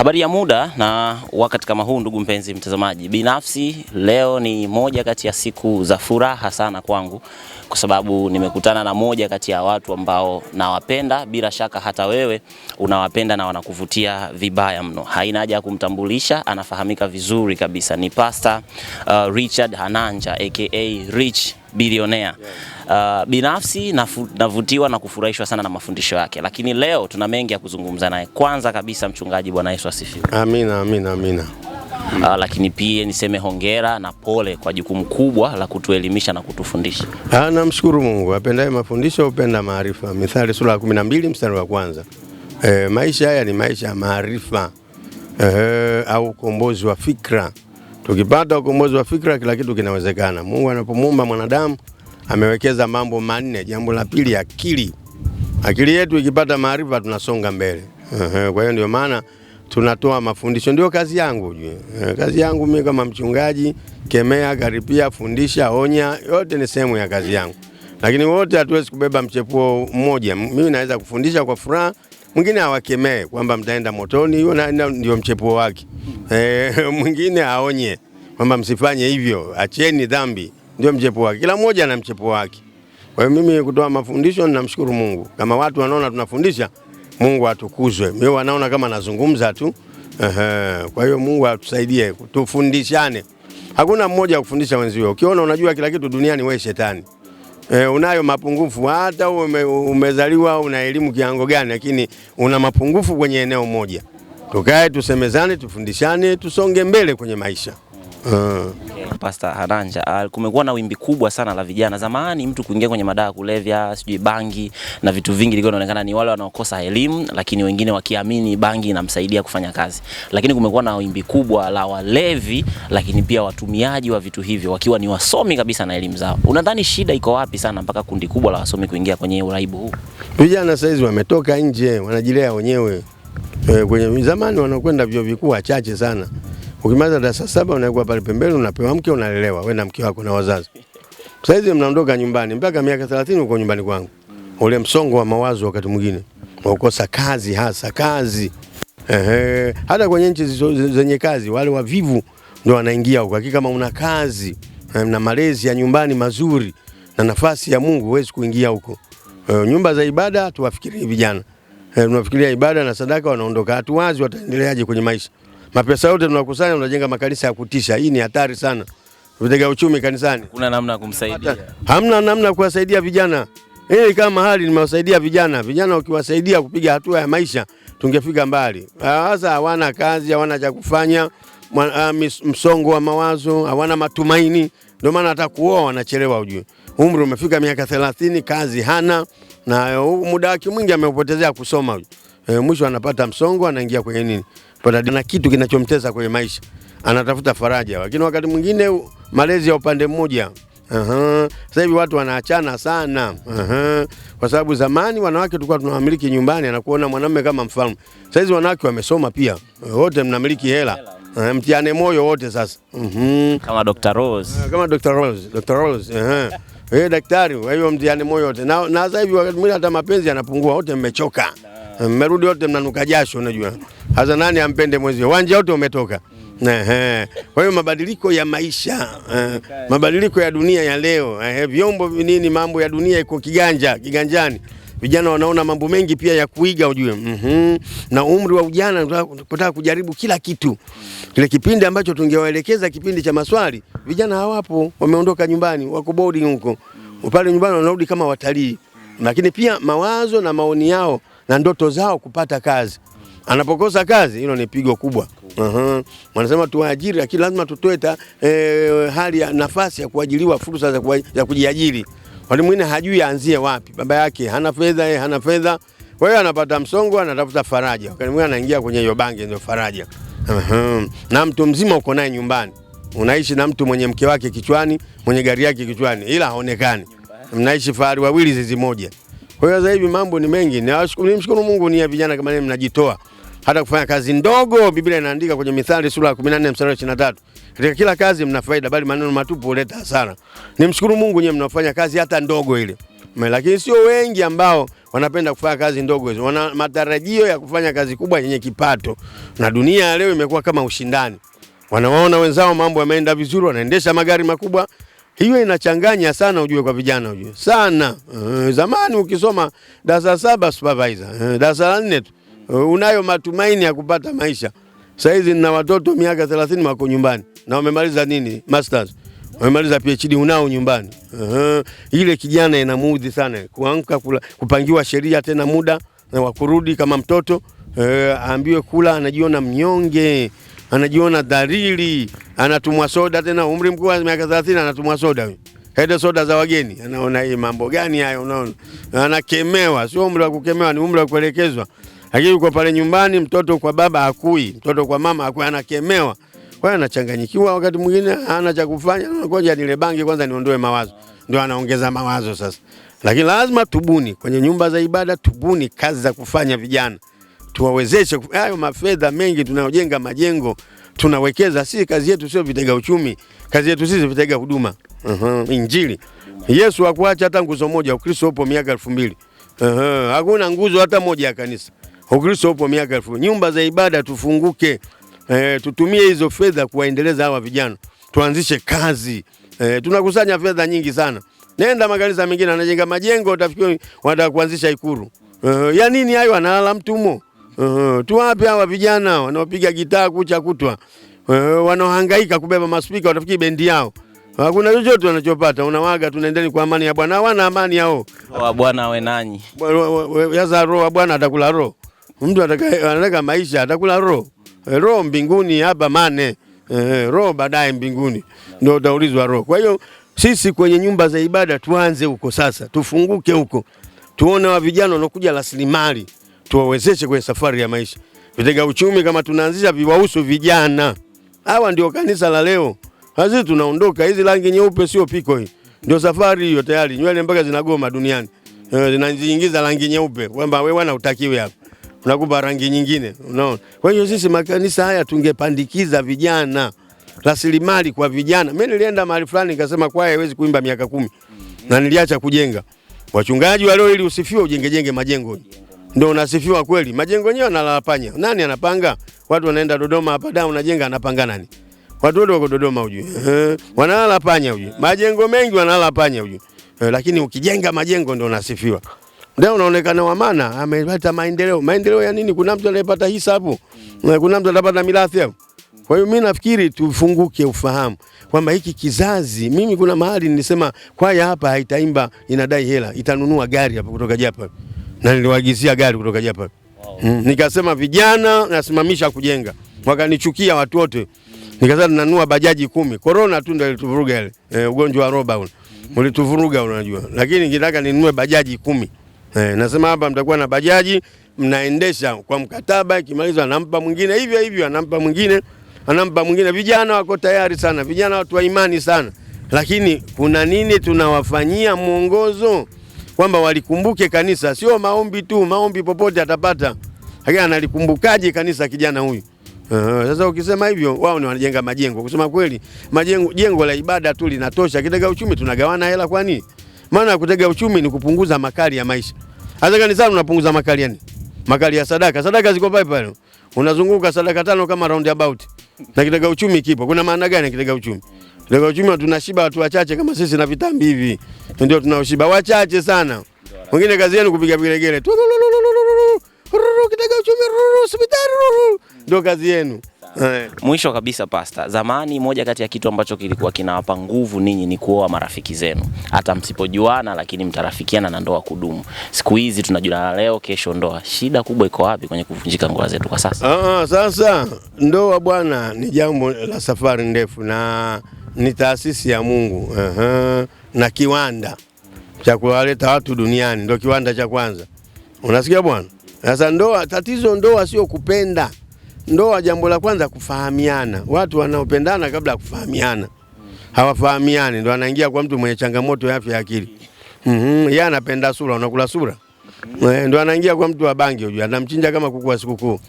Habari ya muda na wakati kama huu, ndugu mpenzi mtazamaji, binafsi leo ni moja kati ya siku za furaha sana kwangu, kwa sababu nimekutana na moja kati ya watu ambao nawapenda. Bila shaka hata wewe unawapenda na wanakuvutia vibaya mno, haina haja ya kumtambulisha, anafahamika vizuri kabisa. Ni Pastor uh, Richard Hananja aka Rich bilionea uh, binafsi navutiwa na kufurahishwa sana na mafundisho yake, lakini leo tuna mengi ya kuzungumza naye. Kwanza kabisa, mchungaji, Bwana Yesu asifiwe. Amina, amina, amina. Uh, lakini pia niseme hongera na pole kwa jukumu kubwa la kutuelimisha na kutufundisha. Ah, namshukuru Mungu, apendaye mafundisho hupenda maarifa, Mithali sura ya 12 mstari wa kwanza. E, maisha haya ni maisha ya maarifa e, au ukombozi wa fikra Tukipata ukombozi wa fikra, kila kitu kinawezekana. Mungu anapomuumba mwanadamu amewekeza mambo manne. Jambo la pili, akili. Akili yetu ikipata maarifa, tunasonga mbele. Kwa hiyo ndio maana tunatoa mafundisho, ndio kazi yangu ujue. Kazi yangu mimi kama mchungaji, kemea, karipia, fundisha, onya, yote ni sehemu ya kazi yangu, lakini wote hatuwezi kubeba mchepuo mmoja. Mimi naweza kufundisha kwa furaha Mwingine awakemee kwamba mtaenda motoni, hiyo ndio mchepuo wake. E, mwingine aonye kwamba msifanye hivyo, acheni dhambi, ndio mchepuo wake. Kila mmoja ana mchepuo wake. Kwa hiyo mimi kutoa mafundisho, ninamshukuru Mungu kama watu wanaona tunafundisha, Mungu atukuzwe. Mimi wanaona kama nazungumza tu. Kwa hiyo Mungu atusaidie, tufundishane. Hakuna mmoja wa kufundisha wenzio. Ukiona unajua kila kitu duniani, wewe shetani e, unayo mapungufu hata ume, umezaliwa una elimu kiango gani, lakini una mapungufu kwenye eneo moja. Tukae tusemezane, tufundishane, tusonge mbele kwenye maisha. Uh. Pasta Haranja, ah, kumekuwa na wimbi kubwa sana la vijana. Zamani mtu kuingia kwenye madawa kulevya, sijui bangi na vitu vingi, ilikuwa inaonekana ni wale wanaokosa elimu, lakini wengine wakiamini bangi inamsaidia kufanya kazi. Lakini kumekuwa na wimbi kubwa la walevi, lakini pia watumiaji wa vitu hivyo wakiwa ni wasomi kabisa na elimu zao. Unadhani shida iko wapi sana mpaka kundi kubwa la wasomi kuingia kwenye uraibu huu? Vijana sasa hizi wametoka nje, wanajilea wenyewe. Eh, kwenye zamani wanakwenda vyuo vikuu wachache sana. Ukimaliza darasa saba unakuwa pale pembeni, unapewa mke, unalelewa wewe na mke wako na wazazi. Sasa hizi mnaondoka nyumbani, mpaka miaka 30 uko nyumbani kwangu. Ule msongo wa mawazo wakati mwingine ukosa kazi, hasa kazi. Ehe, hata kwenye nchi zenye kazi wale wavivu ndio wanaingia huko. Hakika kama una kazi eh, na malezi ya nyumbani mazuri na nafasi ya Mungu, huwezi kuingia huko. E, nyumba za ibada tuwafikirie vijana e, tunafikiria ibada na sadaka, wanaondoka hatuwazi wataendeleaje kwenye maisha. Mapesa yote tunakusanya, tunajenga makanisa ya kutisha. Hii ni hatari sana, tutega uchumi kanisani. Kuna namna kumsaidia? Hamna namna kuwasaidia vijana. Hii kama hali nimewasaidia vijana, vijana ukiwasaidia kupiga hatua ya maisha tungefika mbali. Ah, sasa hawana kazi, hawana cha kufanya, ah, msongo wa mawazo, hawana matumaini, ndio maana hata kuoa wanachelewa. Ujue umri umefika miaka thelathini, kazi hana na eh, muda wake mwingi ameupotezea kusoma. E, mwisho anapata msongo, anaingia kwenye nini ana kitu kinachomteza kwenye maisha, anatafuta faraja, lakini wakati mwingine malezi ya upande mmoja. Sasa hivi watu wanaachana sana. Aha. Kwa sababu zamani wanawake tulikuwa tunamiliki nyumbani, anakuona mwanamume kama mfalme. Sasa hizi wanawake wamesoma pia, wote mnamiliki hela mtiane moyo wote sasa. mm-hmm. Kama Dr. Rose. Kama Dr. Rose. Dr. Rose. Eh, hey, daktari, wewe mtiane moyo wote. Na sasa hivi wakati mwingine hata mapenzi yanapungua, wote mmechoka mmerudi wote mnanuka jasho, unajua hasa nani ampende mwenzio, wanja wote umetoka. Mm. Kwa hiyo mabadiliko ya maisha eh, mabadiliko ya dunia ya leo eh, vyombo nini, mambo ya dunia iko kiganja kiganjani. Vijana wanaona mambo mengi pia ya kuiga ujue. mm -hmm. na umri wa ujana kutaka kujaribu kila kitu. Kile kipindi ambacho tungewaelekeza kipindi cha maswali, vijana hawapo, wameondoka nyumbani, wako boarding huko mm. pale nyumbani, wanarudi kama watalii, mm. lakini pia mawazo na maoni yao na ndoto zao kupata kazi. Anapokosa kazi, hilo ni pigo kubwa. Uhum. Wanasema tuajiri, lakini lazima tutoe ta e, hali ya nafasi ya kuajiriwa, fursa za, za kujiajiri. Mwalimu mwingine hajui aanzie wapi, baba yake hana fedha, yeye hana fedha, kwa hiyo anapata msongo, anatafuta faraja, wakati mwingine anaingia kwenye hiyo bange, ndio faraja. Uhum. Na mtu mzima uko naye nyumbani, unaishi na mtu mwenye mke wake kichwani, mwenye gari yake kichwani, ila haonekani, mnaishi fahari wawili zizi moja kwa hiyo sasa hivi mambo ni mengi, nimshukuru Mungu ni vijana kama nini, mnajitoa hata kufanya kazi ndogo. Biblia inaandika kwenye Mithali sura ya 14 mstari wa 23, katika kila kazi mna faida, bali maneno matupu huleta hasara. Nimshukuru Mungu nyewe mnafanya kazi hata ndogo ile, lakini sio wengi ambao wanapenda kufanya kazi ndogo hizo. Wana matarajio ya kufanya kazi kubwa yenye kipato, na dunia leo imekuwa kama ushindani. Wanawaona wenzao mambo yameenda vizuri, wanaendesha magari makubwa hiyo inachanganya sana, ujue kwa vijana ujue sana. Uh, zamani ukisoma darasa saba supervisor, uh, darasa la nne tu uh, unayo matumaini ya kupata maisha. Sasa hizi nina watoto miaka 30 wako nyumbani na wamemaliza nini masters, wamemaliza PhD, unao nyumbani. Uh, ile kijana inamuudhi sana kuamka kupangiwa sheria tena muda na wa kurudi kama mtoto uh, aambiwe kula, anajiona mnyonge anajiona dalili, anatumwa soda tena, umri mkubwa miaka 30, anatumwa soda huyo hede soda za wageni, anaona hii mambo gani hayo? Unaona, anakemewa. Sio umri wa kukemewa, ni umri wa kuelekezwa. Lakini uko pale nyumbani, mtoto kwa baba hakui, mtoto kwa mama hakui, anakemewa. Kwa hiyo anachanganyikiwa, wakati mwingine hana cha kufanya, ngoja nile bangi kwanza niondoe mawazo, ndio anaongeza mawazo sasa. Lakini lazima tubuni kwenye nyumba za ibada, tubuni kazi za kufanya vijana tuwawezeshe hayo mafedha mengi tunayojenga majengo tunawekeza. Si kazi yetu sio vitega uchumi, kazi yetu sisi vitega huduma. uh -huh. Injili Yesu hakuacha hata nguzo moja. Ukristo upo miaka elfu mbili uh -huh. hakuna nguzo hata moja ya kanisa. Ukristo upo miaka elfu mbili. Nyumba za ibada tufunguke, eh, tutumie hizo fedha kuwaendeleza hawa vijana, tuanzishe kazi eh, tunakusanya fedha nyingi sana. Nenda makanisa mengine anajenga majengo, utafikiri wanataka kuanzisha ikuru. Uh, ya nini hayo? Analala mtu humo. Uh, tu wapi hawa vijana wanaopiga gitaa kucha kutwa, uh, wanaohangaika kubeba maspika watafikiri bendi yao hakuna chochote wanachopata. Unawaga, tunaendeni kwa amani ya Bwana. Hawana amani yao, wa Bwana we nanyi yaza roho wa Bwana atakula roho. Mtu anataka maisha atakula roho, roho mbinguni hapa mane eh, roho baadaye mbinguni ndio utaulizwa roho. Kwa hiyo sisi kwenye nyumba za ibada tuanze huko sasa, tufunguke huko, tuone wa vijana wanokuja rasilimali tuwawezeshe kwenye safari ya maisha. Vitega uchumi kama tunaanzisha viwahusu vijana, hawa ndio kanisa la leo. Hazi tunaondoka, hizi rangi nyeupe sio piko hii, ndio safari hiyo. Tayari nywele mpaka zinagoma duniani, eh, zinaziingiza rangi nyeupe, kwamba wewe wana utakiwe hapa unakupa rangi nyingine, unaona. Kwa hiyo sisi makanisa haya tungepandikiza vijana, rasilimali kwa vijana. Mimi nilienda mahali fulani nikasema kwaya haiwezi kuimba miaka kumi na niliacha kujenga. Wachungaji walio, ili usifiwe ujengejenge majengo ndio unasifiwa kweli. Majengo yenyewe analalapanya. Nani anapanga? Watu wanaenda Dodoma hapa da unajenga anapanga nani? Watu wote wako Dodoma hujui. Eh, wanalala panya hujui. Majengo mengi wanalala panya hujui. Eh, lakini ukijenga majengo ndio unasifiwa. Ndio unaonekana wa maana, amepata maendeleo. Maendeleo ya nini? Kuna mtu anayepata hisa hapo. Eh, kuna mtu anapata mirathi hapo. Kwa hiyo mi nafikiri tufunguke ufahamu kwamba hiki kizazi, mimi kuna mahali nilisema kwaya hapa haitaimba inadai hela, itanunua gari hapa kutoka Japan na niliwaagizia gari kutoka Japan. Wow. Mm, nikasema vijana nasimamisha kujenga. Wakanichukia watu wote. Nikasema nanunua bajaji kumi. Korona tu ndio ilituvuruga ile. E, eh, ugonjwa wa roba una. Hmm. Ulituvuruga unajua. Lakini nikitaka ninunue bajaji kumi. E, nasema hapa mtakuwa na bajaji mnaendesha kwa mkataba, ikimaliza anampa mwingine hivyo hivyo, anampa mwingine, anampa mwingine. Vijana wako tayari sana, vijana watu wa imani sana, lakini kuna nini tunawafanyia mwongozo? kwamba walikumbuke kanisa, sio maombi tu. Maombi popote atapata, lakini analikumbukaje kanisa kijana huyu? Uh, sasa ukisema hivyo, wao ni wanajenga majengo. Kusema kweli, majengo jengo la ibada tu linatosha. Kitega uchumi tunagawana hela kwa nini? Maana kutega uchumi ni kupunguza makali ya maisha. Hata kanisani unapunguza makali yani. Makali ya sadaka. Sadaka ziko pale pale. Unazunguka sadaka tano kama roundabout. Na kitega uchumi kipo. Kuna maana gani kitega uchumi? Leo uchumi tunashiba watu wachache kama sisi na vitambi hivi. Ndio tunaoshiba wachache sana. Wengine kazi yenu kupiga vigelegele. Kitega uchumi hospitali. Ndio kazi yenu. Eh. Mwisho kabisa, Pasta, zamani moja kati ya kitu ambacho kilikuwa kinawapa nguvu ninyi ni kuoa marafiki zenu, hata msipojuana, lakini mtarafikiana na ndoa kudumu. Siku hizi tunajuana leo, kesho ndoa. Shida kubwa iko wapi kwenye kuvunjika ngoa zetu kwa sasa? Aa, ah, ah, sasa ndoa bwana ni jambo la safari ndefu na ni taasisi ya Mungu aha, na kiwanda cha kuwaleta watu duniani, ndio kiwanda cha kwanza. Unasikia bwana? Sasa ndoa, tatizo ndoa sio kupenda. Ndoa jambo la kwanza kufahamiana. Watu wanaopendana kabla ya kufahamiana hawafahamiani, ndo anaingia kwa mtu mwenye changamoto ya afya ya akili. Mhm, yeye anapenda sura, unakula sura eh, ndo anaingia kwa mtu wa bangi, hujua anamchinja kama kuku wa sikukuu.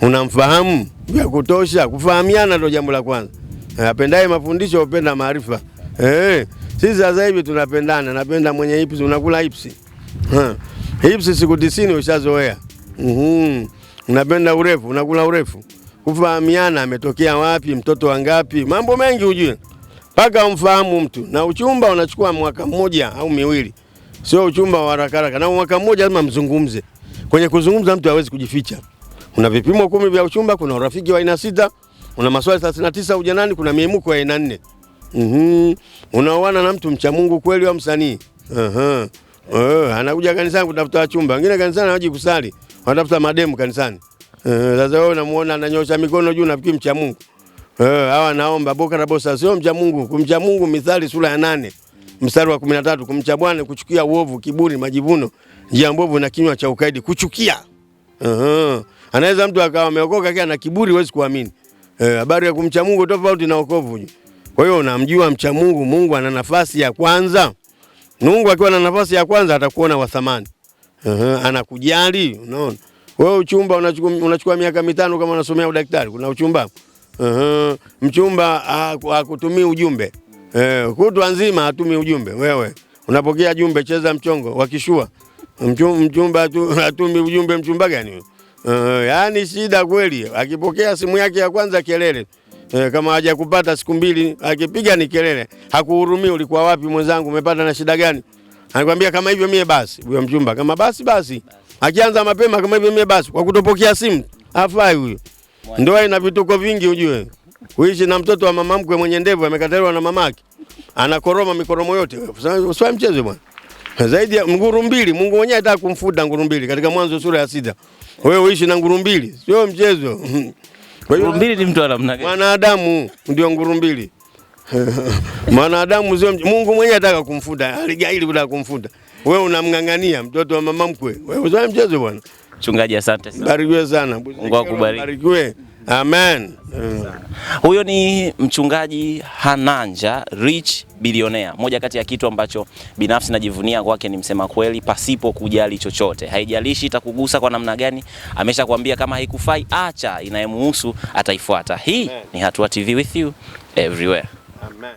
Unamfahamu vya kutosha? Kufahamiana ndo jambo la kwanza. Apendaye mafundisho hupenda maarifa. Eh, sisi sasa hivi tunapendana, napenda mwenye ipsi, unakula ipsi ipsi siku tisini ushazoea. Mhm. Unapenda urefu, unakula urefu. Kufahamiana ametokea wapi, mtoto wangapi, mambo mengi ujue. Mpaka umfahamu mtu. Na uchumba unachukua mwaka mmoja au miwili. Sio uchumba wa haraka haraka. Na mwaka mmoja lazima mzungumze. Kwenye kuzungumza mtu hawezi kujificha. Kuna vipimo kumi vya uchumba, kuna urafiki wa aina sita una maswali 39 ujanani, kuna miemuko ya aina nne. Mhm, unaoana na mtu mcha Mungu kweli au msanii uh-huh. Uh, anakuja kanisani kutafuta chumba. wengine kanisani anaji kusali, wanatafuta mademu kanisani. uh, Sasa wewe unamuona ananyosha mikono juu, nafikiri mcha Mungu. Eh, uh, Hawa naomba boka na bosa, sio mcha Mungu. Kumcha Mungu, Mithali sura ya nane mstari wa 13, kumcha Bwana kuchukia uovu, kiburi, majivuno, njia mbovu na kinywa cha ukaidi, kuchukia. Uh -huh. Anaweza mtu akawa ameokoka, kia na kiburi, huwezi kuamini. Eh, habari ya kumcha Mungu tofauti na wokovu. Kwa hiyo unamjua mcha Mungu, Mungu ana nafasi ya kwanza. Mungu akiwa na nafasi ya kwanza atakuona wa thamani. Uh-huh, anakujali, unaona. Wewe uchumba unachukua unachukua miaka mitano kama unasomea udaktari, kuna uchumba. Uh-huh. Mchumba hakutumii ujumbe. Eh, uh, kutwa nzima hatumi ujumbe. Wewe unapokea jumbe, cheza mchongo, wakishua. Mchumba hatumi ujumbe, mchumba gani huyo? Uh, yaani shida kweli, akipokea simu yake ya kwanza kelele. Uh, kama haja kupata siku mbili akipiga ni kelele, Hakuhurumii, Ulikuwa wapi mwenzangu, umepata na shida gani? Anakuambia kama hivyo mie basi, huyo mjumba kama basi basi, akianza mapema kama hivyo mie basi, kwa kutopokea simu afai huyo. Ndoa ina vituko vingi, ujue kuishi na mtoto wa mama mkwe mwenye ndevu amekataliwa na mamake, anakoroma mikoromo yote, usiwahi mchezo bwana. Zaidi ya nguru mbili, Mungu mwenyewe anataka kumfuta nguru mbili katika Mwanzo sura ya sita wewe uishi na nguru mbili, sio mchezo. Kwa hiyo mbili ni mtu namna gani? Mwanadamu ndio nguru mbili mwanadamu sio Mungu mwenyewe anataka kumfuta alijaili bila kumfuta wewe, unamng'ang'ania mtoto wa mama mkwe, wewe sio mchezo bwana. Mchungaji, asante sana, barikiwe sana, Mungu akubariki, barikiwe. Amen. Huyo ni mchungaji Hananja Rich bilionea. Moja kati ya kitu ambacho binafsi najivunia kwake ni msema kweli pasipo kujali chochote. Haijalishi itakugusa kwa namna gani, ameshakwambia kama haikufai acha, inayemuhusu ataifuata. Hii Amen. Ni Hatua TV with you everywhere. Amen.